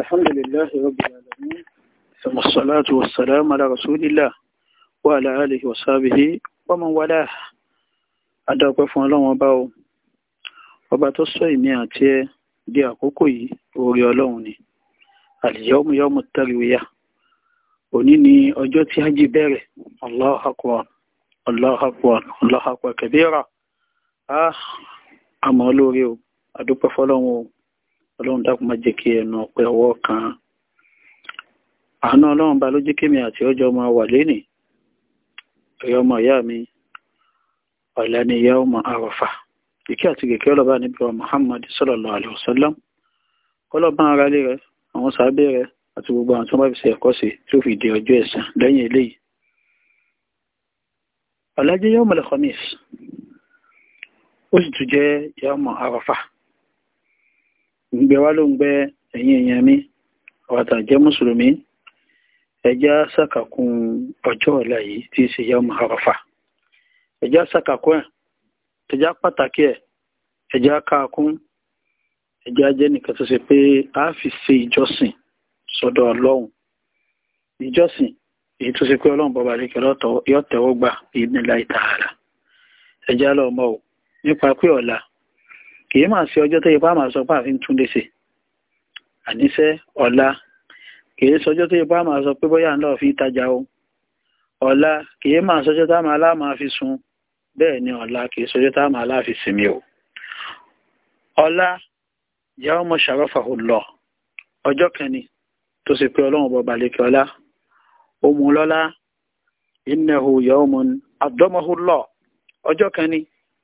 الحمد لله رب العالمين ثم الصلاة والسلام على رسول الله وعلى آله وصحبه ومن والاه adáwọ̀pẹ́ fún ọlọ́run ọba o ọba tó sọ ìmí àti ẹ di àkókò yìí orí ọlọ́run ni àlìyọ́mù yọ́mù tẹ́rìwíyà òní ni ọjọ́ tí hajj bẹ̀rẹ̀ Allahu akbar Allahu akbar Allahu akbar kabira ah àmọ́ olóore o adúpẹ́ fọlọ́run o ọlọ́run dákun má jẹ́ kí ẹnu ọpẹ́ ọwọ́ kan àánú ọlọ́run bá ló jẹ́ kémi àti ọjọ́ ọmọ wà lénìí ẹ̀yọ́ ọmọ ìyá mi ọ̀la ni ìyá ọmọ àròfà ìkẹ́ àti kẹ̀kẹ́ ọlọ́ba níbi wa Muhammad sallallahu alaihi wasallam ọlọ́ba ara lé rẹ àwọn sábẹ́ rẹ àti gbogbo àwọn tí wọ́n bá fi ṣe ẹ̀kọ́ sí tí fi di ọjọ́ ẹ̀san lẹ́yìn eléyìí ọ̀la jẹ́ ó sì tún jẹ́ yọ́mọ̀ àròfà mgbe wá ló ń gbẹ ẹ̀yin èèyàn mi ọ̀tà jẹ́ mùsùlùmí ẹjá sàkàkùn ọjọ ọ̀la yìí tí í ṣe ọmọ Arafa ẹjá sàkàkùn ẹ̀ ẹjá pàtàkì ẹ̀ ẹjá kàkùn ẹjá jẹ́ nìkan tó ṣe pé a fi ṣe ìjọsìn sọdọ ọlọ́run ìjọsìn èyí tó ṣe pé ọlọ́run bọ́ba àríkẹ́ yọ tẹ́wọ́ gbà ìdílé ìtàhàrà ẹjá lọ́mọ ò nípa pé ọ̀la kìí máa ṣe ọjọ́ tó yẹ pa máa sọ pé àfin túnde ṣe àníṣẹ́ ọ̀la kìí sọjọ́ tó yẹ pa máa sọ pé bóyá ńlọ fi tajà o ọ̀la kìí máa sọjọ́ tá máa lá máa fi sun bẹ́ẹ̀ ni ọ̀la kìí sọjọ́ tá máa lá sinmi o ọ̀la ìyá ọmọ ṣàrọ́fà lọ ọjọ́ kẹni tó sì pé ọlọ́run bọ̀ balẹ̀kẹ́ ọlá ó mú lọ́lá innahu yawmun lọ ọjọ́ kẹni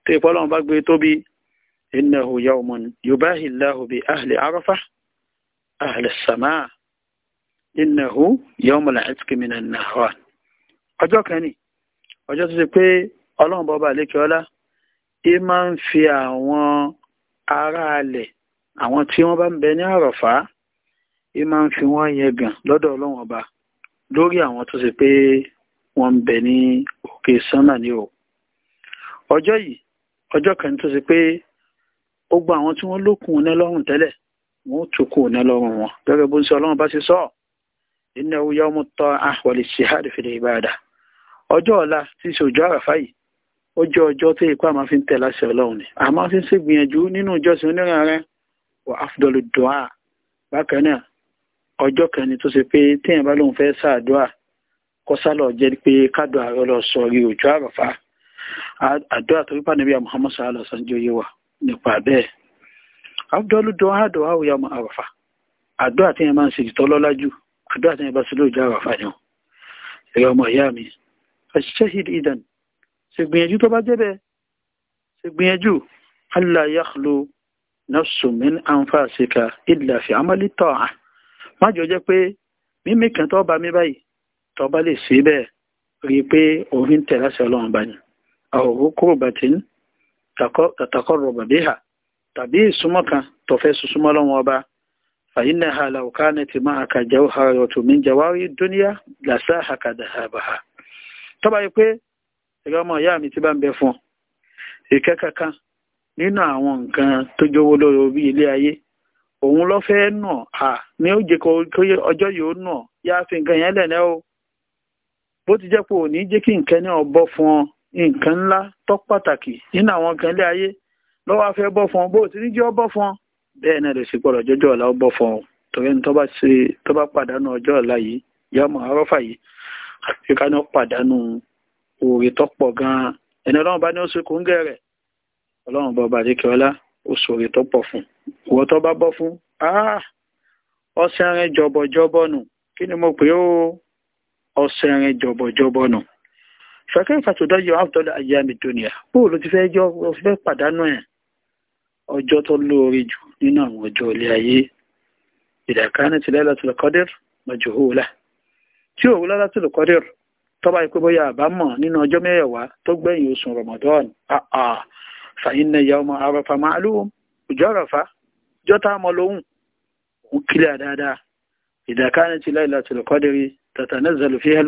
tó ìpọ́lọ́run bá gbé e tóbi إنه يوم يباهي الله بأهل عرفة أهل السماء إنه يوم العتق من النهران ọjọ́ kan ni ọjọ́ tó ṣe pé ọlọ́run bọ́ba àlékiọ́lá ẹ máa ń fi àwọn aráalẹ̀ àwọn tí wọ́n bá ń bẹ ní àrọ̀fá ẹ máa ń fi wọ́n yẹgàn lọ́dọ̀ ọlọ́run ọba lórí àwọn tó ṣe pé wọ́n ń bẹ ní òkè sánmà ní o ọjọ́ yìí ọjọ́ kan tó ṣe pé gbogbo àwọn tí wọ́n lókun ọ̀nà lọ́rùn tẹ́lẹ̀ wọ́n tún kó ọ̀nà lọ́rùn wọn gẹ́gẹ́ bó ń sọ ọlọ́run bá ṣe sọ innahu yawmu ta'ah wal ijtihad fil ibada ọjọ́ ọ̀la tí ṣe òjò àràfá yìí ó jẹ́ ọjọ́ tó ipá máa fi ń tẹ̀ láṣẹ ọlọ́run ni a máa fi ń ṣe gbìyànjú nínú ìjọsìn onírànrẹ́ wa afdalu du'a bákan náà ọjọ́ kan tó ṣe pé téèyàn bá lóun fẹ́ ṣàdúrà kọ́sálọ̀ jẹ́ pé kádùn ààrẹ lọ sọ rí òjò àràfá àdúrà tó wípà níbi àmuhammad sallallahu alaihi wa sallam jẹ́ òye wa nípa bẹ́ẹ̀ abdul duha duha ya mu àràfà àdúrà tí yẹn máa ń ṣe ìtọ́lọ́lá jù àdúrà tí yẹn bá ṣe lóòjá àràfà ni ẹ̀rọ ọmọ ìyá mi àṣìṣẹ́hìd idan ṣègbìyànjú tó bá jẹ́ bẹ́ẹ̀ ṣègbìyànjú allah yakhlu nafsun min anfasika illa fi amali ta'a má jọ jẹ́ pé mímí kan tó bá mi báyìí tó bá lè ṣe bẹ́ẹ̀ rí i pé òun tẹ̀ láṣẹ ọlọ́run bá ní àwòrán kúrò bàtí ní tàtàkọ́rọ̀ bàbí ha tàbí ìsúnmọ́ kan tó ọba fàyínà ha làwùká ní ti máa ka jẹ́ òhà ọ̀tọ̀ mi jàwárí dúníà làṣà àkàdà àbàhà tọ́ba yìí pé mi ti bá ń bẹ fún ọ nínú àwọn nǹkan tó jówó lórí orí ilé ayé òun lọ fẹ́ ní ọjọ́ yìí ó o bó ti jẹ́ pé òní jẹ́ kí nǹkan ńlá tó pàtàkì nínú àwọn kan lé ayé lọ́wọ́ afẹ́ bọ́ fún ọ bó ti ní jẹ́ ọ bọ́ fún ọ bẹ́ẹ̀ náà lè sì gbọ́dọ̀ jọjọ́ ọ̀la ọ bọ́ fún ọ torí ẹni tó bá pàdánù ọjọ́ ọ̀la yìí yọmọ arọ́fà yìí àti ká ní ó pàdánù oore tó pọ̀ gan-an ẹni ọlọ́run bá ní ó sekú ń gẹ̀rẹ̀ ọlọ́run bá ọba adékẹ́ọ́lá ó sòrè tó pọ̀ fún ìwọ tó bá bọ́ fún ọsẹ̀rin jọ̀bọ̀jọ̀bọ̀ kí ni mo pè ó ọsẹ̀rin jọ̀bọ̀jọ̀bọ̀ fẹ́kẹ́ ìfàtòdọ́ yọ àwùjọ́lẹ̀ ayé àmì dúnìyà bóò ló ti fẹ́ jọ ọ fẹ́ pàdánù ẹ̀ ọjọ́ tó lóore jù nínú àwọn ọjọ́ ilé ayé ìdàkánì ti lẹ́lá tó lọ́kọ́dẹ́r lọ́jọ́ òwúlà tí òwúlà láti lọ́kọ́dẹ́r tọ́ba ìpé bóyá àbámọ̀ nínú ọjọ́ mẹ́wàá tó gbẹ̀yìn oṣù Ramadan fàyín náà ìyá ọmọ arafa máa lóhùn òjò àràfà jọ́tà mọ́ lóhùn òun kílẹ̀ dáadáa ìdàkánì ti lẹ́lá tó lọ́kọ́dẹ́r tatanazzalu fiha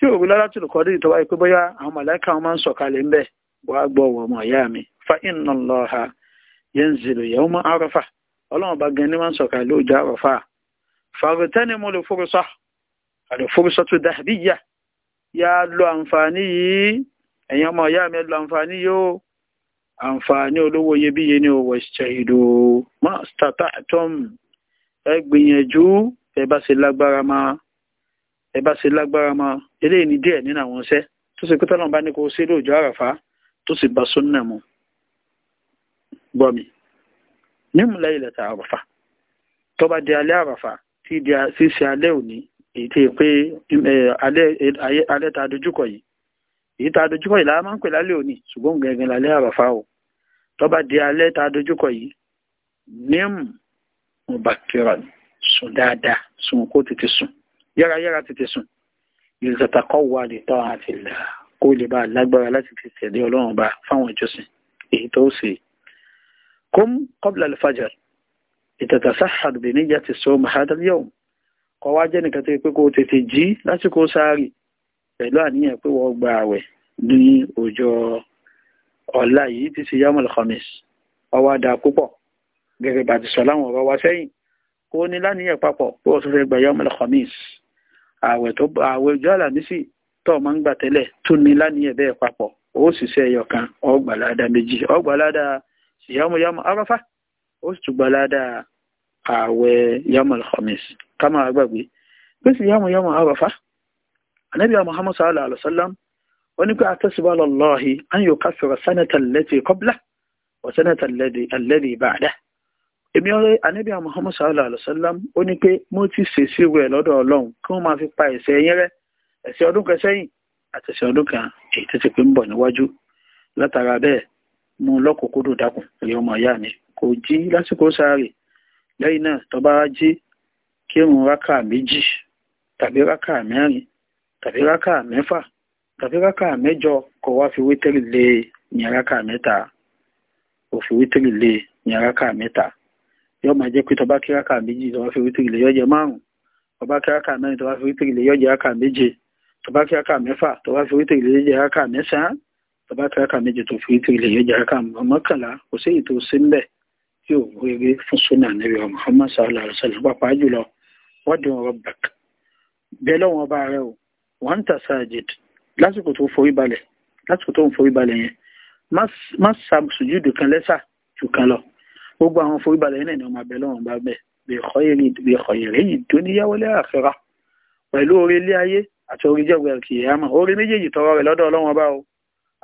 tí òru lára tìlù kọ́ dìrì tó wáyé pé bóyá àwọn màláìka wọn máa ń sọ̀kalẹ̀ ń bẹ̀ wá gbọ́ wọ ọmọ ìyá mi fa inna Allaha yanzilu yawma Arafa ọlọ́run bá gan ni ń sọ̀kalẹ̀ lóòjọ Arafa fàrùtẹ́ni mo lè fúrusọ àlè fúrusọ tó dàbí yá yá lo àǹfààní yìí ẹ̀yin ọmọ ìyá mi lo àǹfààní yìí ó àǹfààní olówó iyebíye ni òwò ìṣẹ̀yìndò stata tom ẹ gbìyànjú ẹ bá ẹ bá ṣe lágbára mọ́ eléyìí ni díẹ̀ nínú àwọn iṣẹ́ tó ṣe pé tọ́lọ́run bá ní kó ṣe lóòjọ́ àràfá tó sì bá súnà mu gbọ́ mi nímúlẹ̀ ilẹ̀ àràfà tó bá di alẹ́ àràfà tí di ṣíṣe alẹ́ òní èyí tí pé alẹ́ ta dojúkọ yìí èyí ta dojúkọ yìí la máa ń pè lálẹ́ òní ṣùgbọ́n gẹ̀gẹ̀ lálẹ́ àràfà o tó bá di alẹ́ ta dojúkọ yìí nímú mo bá kíra sùn dáadáa sùn kó tètè sùn yárayára tètè sùn ìrìnsàtàkọ́ wà lè tọ́ àti ìlà kó lè bá lágbára láti fi tẹ̀lé ọlọ́run ọba fáwọn ìjọsìn èyí tó ṣe kum qabla al-fajr ìtàtàsáhàd bí níjà ti sọ mahadal yawm kọ wá jẹ́ nìkan tó yẹ pé kó tètè jí lásìkò sáárì pẹ̀lú àníyàn pé wọ́n gba àwẹ̀ ní ọjọ́ ọ̀la yìí ti ṣe yamul khamis ọwọ́ àdá púpọ̀ gẹ́gẹ́ bá ti sọ láwọn ọ̀rọ̀ wa sẹ́yìn kó ní láníyàn papọ̀ pé wọ́n tún fẹ́ gba yamul khamis ààwẹ̀ tó ààwẹ̀ ọjọ́ àlàmísì tó o máa ń gbà tẹ́lẹ̀ tó ní lánìyàn bẹ́ẹ̀ papọ̀ ó sì ṣe ẹyọ kan ọgbàládà méjì ọgbàládà ṣìyàmúyàmú arafa ó sì tún gbàládà ààwẹ̀ yamul khamis kámá àgbàgbé pé ṣìyàmúyàmú arafa anabi muhammad sallallahu alaihi wa sallam wọ́n ní pé àtẹ́síwá lọ́lọ́ọ̀hì an yukaffira sanata allati qabla wa sanata allati ba'da èmi ọ̀rẹ́ ànábì Muhammad sallallahu alayhi wa sallam ó ní pé mo ti ṣèṣe rẹ̀ lọ́dọ̀ ọlọ́run kí wọ́n máa fi pa ẹ̀ṣẹ̀ yín rẹ́ ẹ̀ṣẹ̀ ọdún kan sẹ́yìn àti ẹ̀ṣẹ̀ ọdún kan èyí tó ti pé ń bọ̀ níwájú látara bẹ́ẹ̀ mú lọ́kùnkúndùn dákun ẹ̀yọ́ ọmọ ìyá mi kò jí lásìkò sáré lẹ́yìn náà tó bá jí kírun rákà méjì tàbí rákà mẹ́rin tàbí rákà mẹ́fà tàbí rákà mẹ́jọ kó wá fi wítírì lé e ní rákà mẹ́ta kò fi wítírì lé e ní rákà mẹ́ta yóò máa jẹ́ pé tọba kíráka méjì tọba fi wítìrì lè yọjẹ márùn tọba kíráka mẹ́rin tọba fi wítìrì lè yọjẹ ráka méje tọba kíráka mẹ́fà tọba fi wítìrì lè yọjẹ ráka mẹ́sàn-án tọba kíráka méje tó fi wítìrì lè yọjẹ ráka mọ́kànlá kò sí ètò sílẹ̀ tí ò rere fún súnà níbi ọmọ Muhammad sallallahu alaihi wasallam pàápàá jùlọ wọ́dì ọ̀rọ̀ bàk bẹ́ẹ̀ lọ́wọ́ ọba rẹ o wọ́n ń tà sáàjìd lásìkò tó forí balẹ̀ lásìkò tó ń forí balẹ̀ yẹn má sàmùsùjúdù jù gbogbo àwọn foríbalẹ̀ yìí náà ni ọmọ lọ́wọ́n bá bẹ̀ bi khayri dunya wal akhirah pẹ̀lú orí ilé ayé àti orí jẹ́gbẹ̀ kìyàmà orí méjèèjì tọrọ rẹ̀ lọ́dọ̀ ọlọ́wọ́n bá o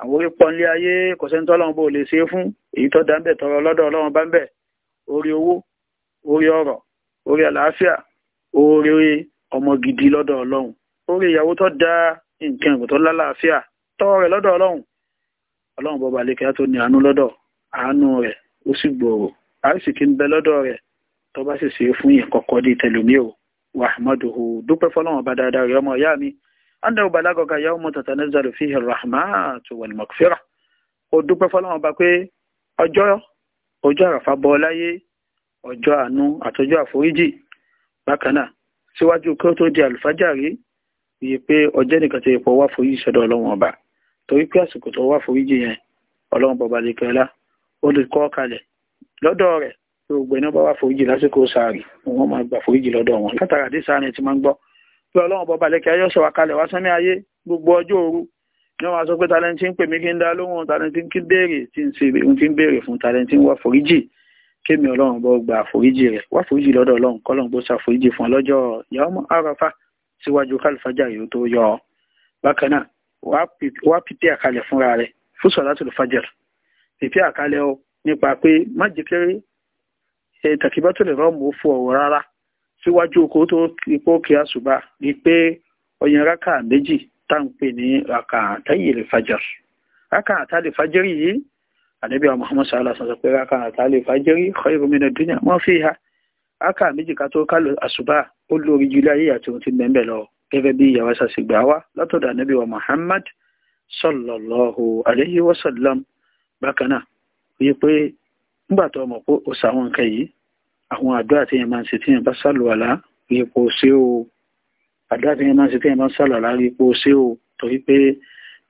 àwọn orí pọ́n lé ayé kò sẹ́ni tọ́lọ́wọ́n bó lè ṣe fún èyí tó dá ń bẹ̀ tọrọ lọ́dọ̀ ọlọ́wọ́n bá ń bẹ̀ orí owó orí ọrọ̀ orí àlàáfíà orí ọmọ gidi lọ́dọ̀ ọlọ́run orí ìyàwó tó dá nǹkan ìgbò tó lálàáfíà tọrọ rẹ̀ lọ́dọ̀ ọlọ́run ọlọ́run bọ́ba lékè tó ní àánú lọ́dọ̀ àánú rẹ̀ ó sì gbòòrò àrísìkí ń bẹ lọ́dọ̀ rẹ̀ tó bá sì ṣe fún yẹn kọ́kọ́ dé tẹlumi o wà ahmadu hu dúpẹ́ fọlọ́wọ́n bá dáadáa rẹ̀ ọmọ ìyá mi andahu balagaka yawma tatanazzalu fihi rahmatu wal maghfira o dúpẹ́ fọlọ́wọ́n bá pé ọjọ́ ọjọ́ àràfà bọ́ láyé ọjọ́ àánú àtọjọ́ àforíjì bákan náà síwájú kí ó tó di àlùfájàrí iye pé ọjọ́ nìkan ti pọ̀ wá foríjì sọ́dọ̀ ọlọ́wọ́n ọba torí pé àsìkò tó wá foríjì yẹn ọlọ́wọ́n bọ̀bá lè kẹ́lá ó lè kọ́ kalẹ̀ lọ́dọ̀ rẹ̀ gbogbo iná bá wà foríjì lásìkò sáàrì wọn máa gbà foríjì lọ́dọ̀ wọn látara àdé sáàrì ti máa ń gbọ́ pé ọlọ́run bọ́ba lẹ́kẹ́ ayọ́ sọ̀rọ̀ kalẹ̀ wá sánmi ayé gbogbo ọjọ́ òru ni wọ́n máa sọ pé talẹ́ntì ń pè mí kí ń dá lóhùn talẹ́ntì ń kí ń béèrè tí ń ṣe ń kí ń béèrè fún talẹ́ntì ń wá foríjì kémi ọlọ́run bọ́ gba foríjì rẹ̀ wá foríjì lọ́dọ̀ ọlọ́run kọ́lọ́run bó sa o nípa pé má jẹ́ kéré tàkìbátò lè rọ́ọ̀mù ó fún ọ̀wọ́ rárá síwájú oko tó ipò kí a ṣùgbà ni pé ọyàn rákà méjì tá ń pè ní rákà àtàyè lè rákà àtàlè fajar yìí ànábì àwọn Muhammad sallallahu alaihi pé rákà àtàlè fajar khairu mina dunya ma fiha rákà méjì ká tó kálù àṣùbà ó lórí ju ilé ayé àti ohun tí mẹ́mbẹ̀ lọ gẹ́gẹ́ bí ìyàwó ṣàṣìgbà wa látọ̀dọ̀ ànábì wa Muhammad sallallahu alaihi wasallam bákan náà wípé nígbà tó mọ̀ pé ó sàwọn nǹkan yìí àwọn àdúrà tí yẹn máa ń ṣe tí yẹn bá sàlùwàlá ipò sí o àdúrà tí yẹn máa ń ṣe tí yẹn bá sàlùwàlá ipò sí o torí pé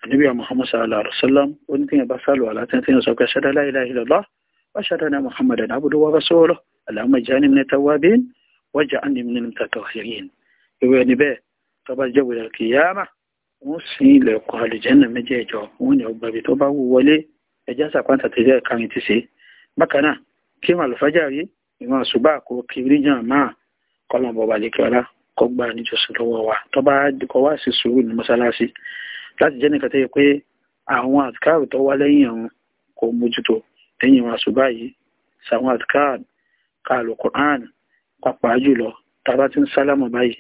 ànábì Muhammad sallallahu alaihi wasallam ó ní tí yẹn bá sàlùwàlá tí yẹn sọ pé ṣẹdá la ilaha illallah wa ṣẹdá náà Muhammadan abduhu wa rasuluhu allahumma ij'alni minat tawwabin ní ẹjá sàpáǹtà tẹ̀lé ẹ̀ka rìn ti ṣe bákan náà kí màlúù fájà rí ìwọ̀n ṣùgbọ́n àkó kiri jàn máa kọ́lọ̀mù ọba lẹ́kẹ́ọ́lá kọ́ gbà níjọsìn lọ́wọ́ wa tó bá kọ́ wá sí sùúrù ní mọ́ṣáláṣí láti jẹ́ nìkan tó yẹ pé àwọn àtikáàrù tó wá lẹ́yìn àwọn kò mójútó lẹ́yìn wọn àṣùbá yìí sàwọn àtikáàrù kààlù kùránì pàápàá jùlọ tàbá tí ń sálámù báyìí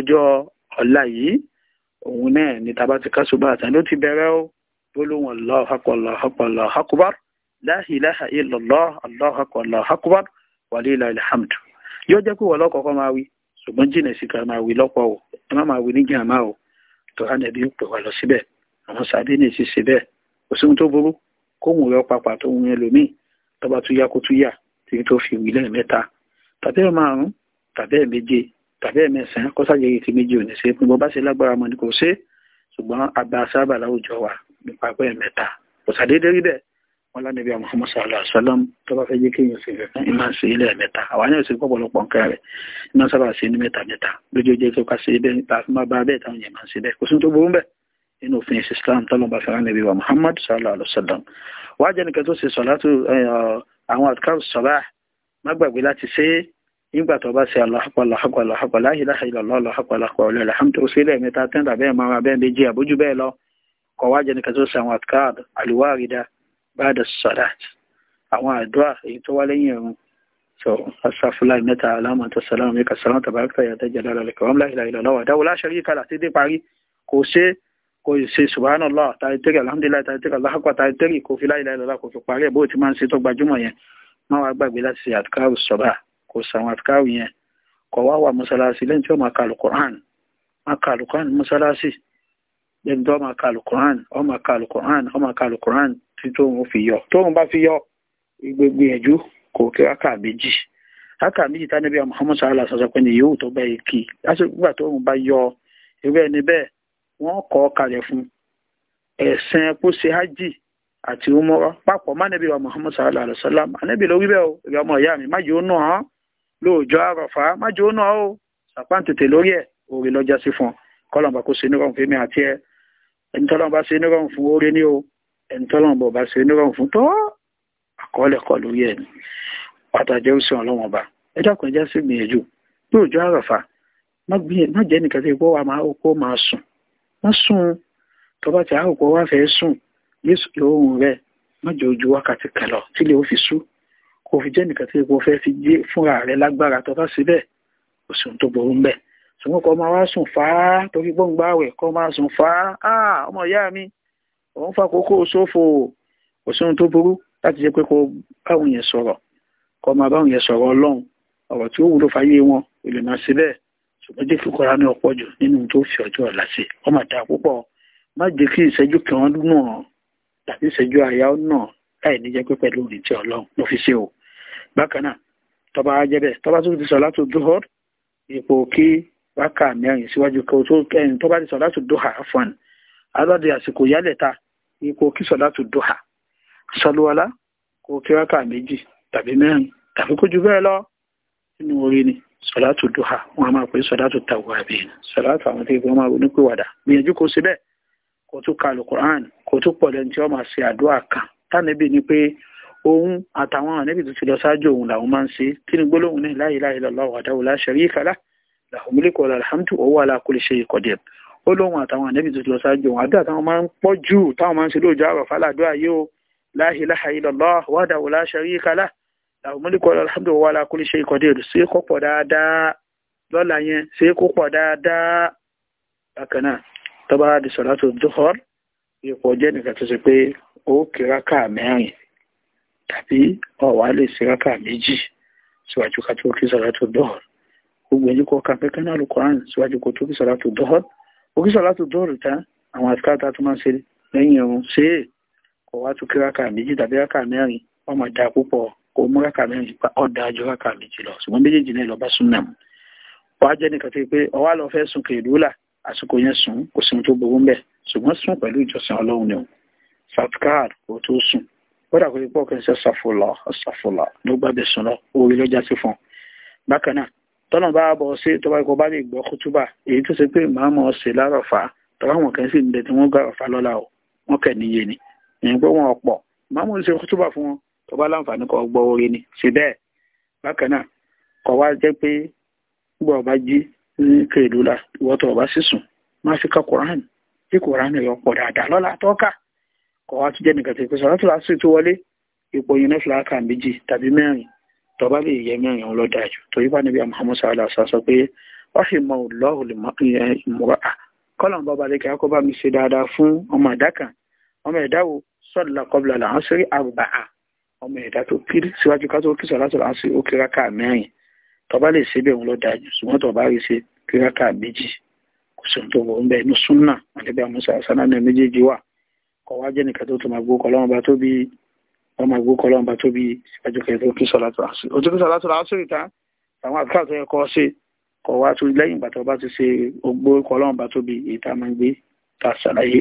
jọ ọ̀la yìí òun náà ni tàbá ti kásùbà àtàn ló ti bẹ̀rẹ̀ ó gbólóhùn Allahu akbar Allahu akbar la ilaha illallah Allahu akbar Allahu akbar wa lillahil hamdu yóò jẹ́ pé wọ́n lọ́kọ̀ọ́kọ́ máa wí ṣùgbọ́n jìnà sí ká máa wí lọ́pọ̀ o ẹ má máa wí ní jàmá o tó ànàbí ń pè wá lọ tàbí ẹ̀mẹsàn kó sàjẹyẹ ti méjì òní ṣe pé bó bá ṣe lágbára mọ ni kò ṣe ṣùgbọ́n àgbà sábà láwùjọ wa nípa pé ẹ̀mẹta kò sàdédé rí bẹ́ẹ̀ wọn lánàbí àwọn Muhammad sallallahu alaihi wasallam tó bá fẹ́ jẹ́ kí èèyàn ṣe fẹ́ fún ìmọ̀ ṣe ilé ẹ̀mẹta àwa náà ṣe pọ̀pọ̀lọpọ̀ nǹkan rẹ̀ ìmọ̀ sábà ṣe ní mẹ́ta mẹ́ta lójú ojú ẹ̀fẹ́ ká ṣe bẹ́ẹ̀ bá fi bá bẹ́ẹ̀ táwọn yẹn máa ṣe bẹ́ẹ̀ kò sí tó burú bẹ́ẹ̀ nínú òfin ìsìn Islam tọ́lọ́ bá fẹ́ràn nàbí wa Muhammad sallallahu alaihi wasallam wàá jẹ́ nìkan tó ṣe sọ̀látù àwọn àtúkà sọ̀bá má gbàgbé láti ṣe é nígbà tó bá ṣe aláhàpàláhàpàláhàpà la ilaha illallah aláhàpàláhàpà ọ̀lẹ́ alhamdulilayi sílẹ̀ mẹ́ta tẹ́ńtà bẹ́ẹ̀ máa ma bẹ́ẹ̀ méjì àbójú bẹ́ẹ̀ lọ kọ̀ wá jẹnìkan tó ṣe àwọn àtikáàdù àlùwárìdá ba'da salat àwọn àdúrà èyí tó wá lẹ́yìn ẹ̀rùn so asáfúláì mẹ́ta aláàmọ̀tò sàlámù mi kà sàlámù tàbárakà yàtọ̀ jẹ́ lọ́lọ́ lẹ́kọ̀ọ́ la ilaha illallah wahdahu la sharika lahu títí parí kò ṣe kò ṣe subhanallah tàbí tẹ́rì alhamdulilayi tàbí tẹ́rì aláhàpà tàbí tẹ́rì kò fi la ilaha illallah kò fi parí kò sàwọn àfikáwì yẹn kọ̀ wá wà mọ́sálásí lẹ́yìn tí ó máa ka alukoran máa ka alukoran mọ́sálásí lẹ́yìn tí ó máa ka alukoran ó máa ka alukoran ó máa ka alukoran tí tóun fi yọ tóun bá fi yọ gbìyànjú kò kí rákà méjì rákà méjì tá níbi Muhammad sallallahu alaihi pé ní yòówù tó bẹ́ẹ̀ kí lásìkò tóun bá yọ irú ẹni bẹ́ẹ̀ wọ́n kọ́ kalẹ̀ fún ẹ̀sìn ẹ̀kú hajj àti umrah papọ̀ má níbi Muhammad sallallahu alaihi wasallam àníbi lórí bẹ́ẹ̀ o ìrọmọ ìyá mi má yóò nù hàn lóòjọ́ àrọ̀fà májò náà ó sàpá tètè lórí ẹ̀ òòrè lọ́jà sí fún kọ́lọ̀mbà kó ṣe nírọ̀rùn fún mi àti ẹ ẹni tọ́lọ́mbà ṣe nírọ̀rùn fún oore ní o ẹni tọ́lọ́mbà bá ṣe nírọ̀rùn fún tó àkọọ́lẹ̀ kọ lórí ẹ̀ ni pàtàkì ó sàn ọlọ́wọ́n ọba ẹ dákun ẹjá sí gbìyànjú lóòjọ́ àrọ̀fà má jẹ́ nìkan tí ìpọ́ wa máa kó máa sùn má sùn tọ́ba tí àròpọ̀ wá fẹ́ sùn yéṣu ìhòòhùn rẹ̀ má jẹ́ ojú wákàtí kan lọ tílé ó fi sú kò fi jẹ́ nìkan tí epo fẹ́ fi jí fúnra rẹ̀ lágbára tó bá síbẹ̀ kò sí ohun tó burú ń bẹ̀ ṣùgbọ́n kọ́ máa wá sùn fà á torí gbọ́ngbà rẹ̀ kọ́ máa sùn fà á ọmọ ìyá mi òun fa kókó ṣòfò kò sí ohun tó burú láti jẹ́ pé kó báwọn yẹn sọ̀rọ̀ kọ́ máa báwọn yẹn sọ̀rọ̀ ọlọ́run ọ̀rọ̀ tí ó wúlò fáyé wọn kò lè máa ṣe bẹ́ẹ̀ ṣùgbọ́n jẹ́ kí kọ́ra ní ọ̀pọ̀ jù nínú tó fi ọjọ́ ọ̀la ṣe wọ́n máa dáa púpọ̀ má jẹ́ kí ìṣẹ́jú kan náà tàbí ìṣẹ́jú àyà náà láì ní jẹ́ pé pẹ̀lú òrìntì ọlọ́run ló fi ṣe o bákan náà tọba ajẹ́bẹ̀ tọba tó ti sọ̀látù duhur ipò kí wákà mẹ́rin síwájú kí o tó kẹ́yìn tọba ti sọ̀látù duha afọ́n alọ́dẹ àsìkò yálẹ̀ta ipò kí sọ̀látù duha sọlúwọlá kò kí wákà méjì tàbí mẹ́rin tàbí kó ju lọ nínú orí ni sọ̀látù duha wọn a máa pè sọ̀látù tawwabin sọ̀látù àwọn tó wọn máa ronú pé wàdà gbìyànjú kó síbẹ̀ kó tún ka kó tún pọ̀ lẹ́ni tí wọ́n máa ṣe àdúrà kan tánibí ni pé òun àtàwọn ànẹ́bì tó ti lọ ṣáájú òun làwọn máa ń ṣe kí ni gbólóhùn náà la ilaha illallah wahdahu la sharika lah lahul mulku wa lahul hamdu wa huwa ala kulli shay'in qadir ó lóhun àtàwọn ànẹ́bì tó ti lọ ṣáájú òun àdúrà táwọn máa ń pọ̀ jù táwọn máa ń ṣe lóòjọ àràfà làdúrà yóò la ilaha illallah wahdahu la sharika lah lahul mulku wa lahul tàbí ọ̀wá lè ṣe rákà méjì síwájú ká tó kí sọ̀látù dọ́ọ̀r gbogbo ẹni kọ́ kàfẹ́ kan náà lùkọ́rán síwájú kó tó kí sọ̀látù dọ́ọ̀r ó kí sọ̀látù dọ́ọ̀r tán àwọn àtikáta tó máa ń ṣe lẹ́yìn ọ̀run ṣe é kọ̀ wá tó kí rákà méjì tàbí rákà mẹ́rin wọ́n máa da púpọ̀ kó mú rákà mẹ́rin pa ọ̀dà àjọ rákà méjì lọ ṣùgbọ́n méjèèjì náà lọ́ba súnà mu wọ́n jẹ́ nìkan tó pé ọwọ́ àlọ́ fẹ́ sùn kèlúlà àsìkò yẹn sùn kò sí ohun tó burú ń bẹ̀ ṣùgbọ́n sùn pẹ̀lú ìjọsìn ọlọ́run ni ò sàtkáàd kò tó sùn kódà kò sí pọ̀ kẹsẹ̀ ṣàfùlọ̀ ṣàfùlọ̀ ló gbàgbẹ́ sùn lọ orí ló já sí fún un bákan náà tọ́nà bá bọ̀ sí tọ́ba ikọ̀ bá lè gbọ́ kútúbà èyí tó ṣe pé màámọ̀ ọ̀sẹ̀ lárọ̀fà tọ́ba wọn kàn sí ìdẹ̀ tí wọ́n gbà ọ̀fà lọ́la o wọ́n kẹ̀ níye ni èyí pé wọn ọ̀pọ̀ màámọ̀ ń ṣe kútúbà fún wọn tọ́ba láǹfààní kọ́ gbọ́ orí ni ṣe bẹ́ẹ̀ bákan náà kọ́ wá kọ̀ wá tún jẹ́ nìkan tó pé sọ̀rọ̀ fìlàsì tó wọlé ipò yìí náà fìlà kà méjì tàbí mẹ́rin tọ́ba lè yẹ mẹ́rin ọ̀hún lọ́dà jù torí bá níbi Muhammad sallallahu alaihi wasallam sọ pé wọ́n fi mọ òlọ́ọ̀ ìmúra kọ́lọ̀ bá balẹ̀ kí akọ́ bá mi ṣe dáadáa fún ọmọ ẹ̀dá kan ọmọ ẹ̀dá wo sọ́ọ̀dùlà kọ́bùlà làwọn sórí àrùbàá ọmọ ẹ̀dá tó kiri síwájú ká tó kí sọ̀rọ̀ sọ̀rọ̀ ó kíra káà mẹ́rin tọ́ba lè ṣe bẹ́ẹ̀ ń lọ kọ̀ wá jẹ́ nìkan tó tún máa gbókọ̀ lọ́wọ́ bá tó bí wọ́n máa gbókọ̀ lọ́wọ́ bá tó bí síwájú kẹ́ tó kí sọ̀lá tó àṣírí ojú kí sọ̀lá tó àṣírí ta àwọn àfikà tó yẹ kọ́ ṣe kọ̀ wá tó lẹ́yìn ìgbà tó bá ti ṣe ogbó kọ̀ lọ́wọ́ bá tó bí èyí tá a máa gbé ta ṣàlàyé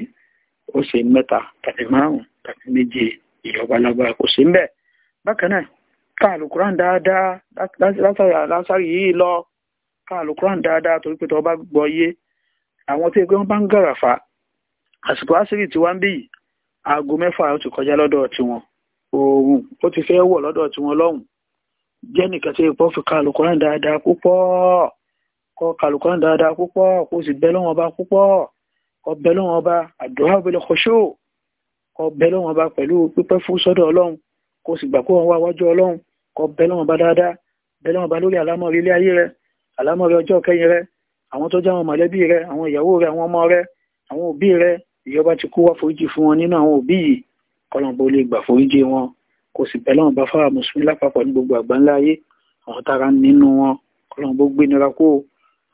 ó ṣe mẹ́ta tàbí márùn tàbí méje ìjọba lágbára kò sí mbẹ́ bákan náà ká àlùkùrán dáadáa lásàrí yìí lọ ká àlùkùrán dáadáa torí pé tó bá gbọ́ yé àwọn tí ẹgbẹ́ wọn bá ń gàràfà àsìkò àṣírí tí wá ń bí yìí aago mẹ́fà ó ti kọjá lọ́dọ̀ tiwọn oòrùn ó ti fẹ́ wọ̀ lọ́dọ̀ tiwọn lọ́hùn jẹ́ nìkan tí ipò fi ka àlùkòrán dáadáa púpọ̀ kó ka àlùkòrán dáadáa púpọ̀ kó sì bẹ́ lọ́wọ́n ọba púpọ̀ kó bẹ́ lọ́wọ́n ọba àdúrà bil khushu kó bẹ́ lọ́wọ́n ọba pẹ̀lú pípẹ́ fún sọ́dọ̀ ọlọ́run kó sì gbà kó wọn wá wájú ọlọ́run kó bẹ́ ìyọba ti kú wá foríjì fún wọn nínú àwọn òbí yìí kọlọ̀ǹbó lè gbà foríjì wọn kò sì bẹ́ẹ̀ lọ́wọ́n bá fáwọn mùsùlùmí lápapọ̀ ní gbogbo àgbáńlá ayé àwọn tára nínú wọn kọlọ̀ǹbó gbé nira kó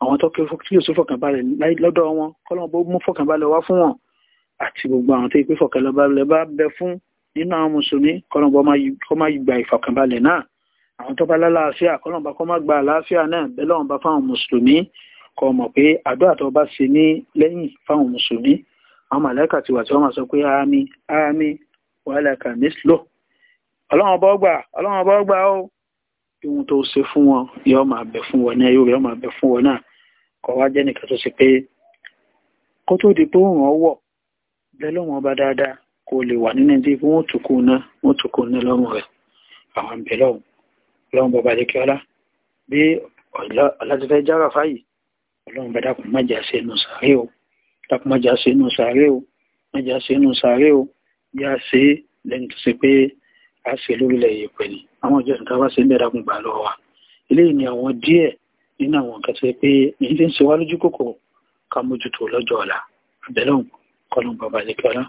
àwọn tó kí yóò sún fọkànbalẹ̀ lọ́dọ̀ wọn kọlọ̀ǹbó mú fọkànbalẹ̀ wá fún wọn àti gbogbo àwọn tó yẹ pé fọkànbalẹ̀ bá bẹ fún nínú àwọn mùsùlùmí kọlọ̀ǹbó kọ́ má gba ìfọkànbalẹ̀ náà àwọn tó bá lálàáfíà kọlọ̀ǹbá kọ́ má gba àlàáfíà náà bẹ́ẹ̀ lọ́wọ́n bá fáwọn mùsùlùmí kọ́ mọ̀ pé àdúrà tó bá ṣe ní lẹ́yìn fáwọn mùsùlùmí àwọn màlẹ́kà ti wà tí wọ́n máa sọ pé àmì àmì wàhálàkà nísìlò ọlọ́run ọba ọgbà ọlọ́run ọba ọgbà ó ihun tó ṣe fún wọn yóò máa bẹ̀ fún wọn náà yóò máa bẹ̀ fún wọn náà kọ̀ wá jẹ́ nìkan tó ṣe pé kó tó di pé òun ọwọ́ bẹ́ẹ̀ lọ́wọ́n ọba dáadáa kó lè wà nínú ẹni tí wọ́n tún kú ná wọ́n tún ná lọ́rùn rẹ̀ àwọn àbẹ̀ lọ́hùn ọlọ́run bọba lè kí ọlá bí ọlá tàpọ̀mọ́jà ṣe inú sàárè o mọ́jà ṣe inú sàárè o bí a ṣe lẹ́nu tó ṣe pé a ṣe lórílẹ̀ yìí pẹ̀lú àwọn ìjọsìn tá a bá ṣe ń bẹ̀rẹ̀ kún gbà lọ wa eléyìí ni àwọn díẹ̀ nínú àwọn nǹkan tó ṣe pé èyí ti ń ṣe wá lójú kòkòrò ká mójútó lọ́jọ́ ọ̀la àbẹ̀lọ́hùn kọlùn bàbá àlekọ́lá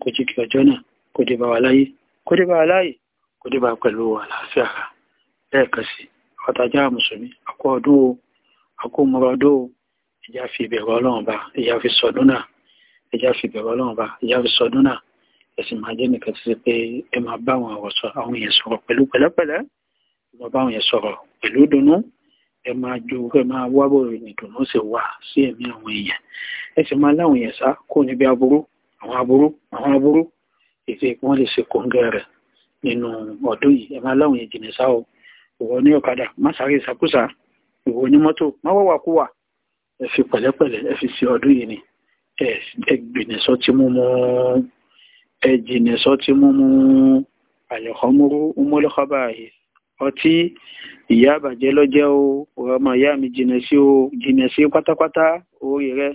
kó jí kí ọjọ́ náà kó dé bá wa láyé kó dé bá wa láyé kó dé bá pẹ̀lú àlàáfíà lẹ́ẹ̀kan sí ọ̀tajà mùsùlùmí àkó ọdún o àkó mọ́ra ọdún o ìjà fi ìbẹ̀rù ọlọ́run bá ìjà fi sọdún náà ìjà fi ìbẹ̀rù ọlọ́run bá ìjà fi sọdún náà ẹ̀sìn máa jẹ́ nìkan ti pé ẹ máa bá àwọn ọ̀rọ̀ sọ àwọn èèyàn sọ̀rọ̀ pẹ̀lú pẹ̀lẹ́pẹ̀lẹ́ ìwọ̀n bá àwọn èèyàn sọ̀rọ̀ pẹ̀lú dùnnú ẹ máa ju ẹ máa wábọ̀ ìdùnnú sì wà sí ẹ̀mí àwọn èèyàn ẹ sì máa láwọn èèyàn sá kó níbi aburú àwọn aburú àwọn aburú ètò ìpín wọn lè ṣe kóńgẹ́ rẹ̀ nínú ọdún yìí ẹ máa láwọn èèyàn jìnnà sá o ìwọ ní ọ̀kadà má sáré ìsàkúsà ìwọ ní mọ́tò má wọ́wà kúwà ẹ fi pẹ̀lẹ́pẹ̀lẹ́ ẹ fi ṣe ọdún yìí ni ẹ gbìnì sọtí mímú ẹ jìnì sọtí mímú àyọ̀kọ́múrú umólókọ́bà yìí ọtí ìyá àbàjẹ́ lọ́jẹ́ o ọmọ ìyá mi jìnà sí o jìnà sí pátápátá orí rẹ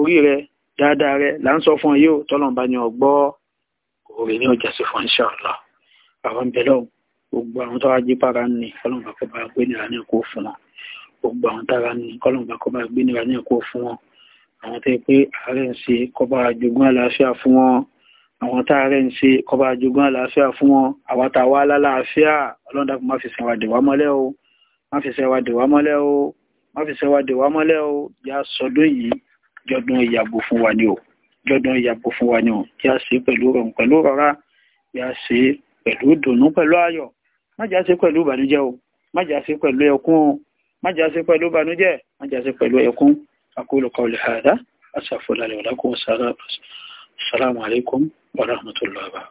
orí rẹ dáadáa rẹ là ń sọ fún ọ yóò tọ́lọ́mbà ni ọgbọ́ orí ni ọjà sí fún ṣe ọ̀la àwọn bẹ̀rẹ̀ gbogbo àwọn tó wá para ń ní ọlọ́mọ àkọ́bà gbé nìyà kó fún wọn gbogbo àwọn tára ní kọ́lọ̀mbà kọ́ bá gbé níra ní ẹ̀kọ́ fún wọn àwọn tẹ́ pé ààrẹ ń ṣe kọ́ bá jogún àlàáfíà fún wọn àwọn tá ààrẹ ń ṣe kọ́ bá jogún àlàáfíà fún wọn àwọn tá a wá lálàáfíà ọlọ́dà má fi sẹ́wà dèwà mọ́lẹ́ o má fi sẹ́wà dèwà mọ́lẹ́ o má fi sẹ́wà dèwà mọ́lẹ́ o yá sọdún yìí jọdún ìyàbò fún wa ni o jọdún ìyàbò fún wa ni o yá ṣe pẹ̀lú rọrùn pẹ̀lú rọra yá ṣe pẹ̀lú dùnú pẹ̀lú ayọ̀ má jà ṣe pẹ̀lú ìbànújẹ́ o má jà ṣe pẹ̀lú ẹkún o má jásí pẹ̀lú banújẹ́ má jásí pẹ̀lú ẹkún aqulu qawli hadha astaghfirullahi wa lakum assalamu alaikum wa rahmatullahi wa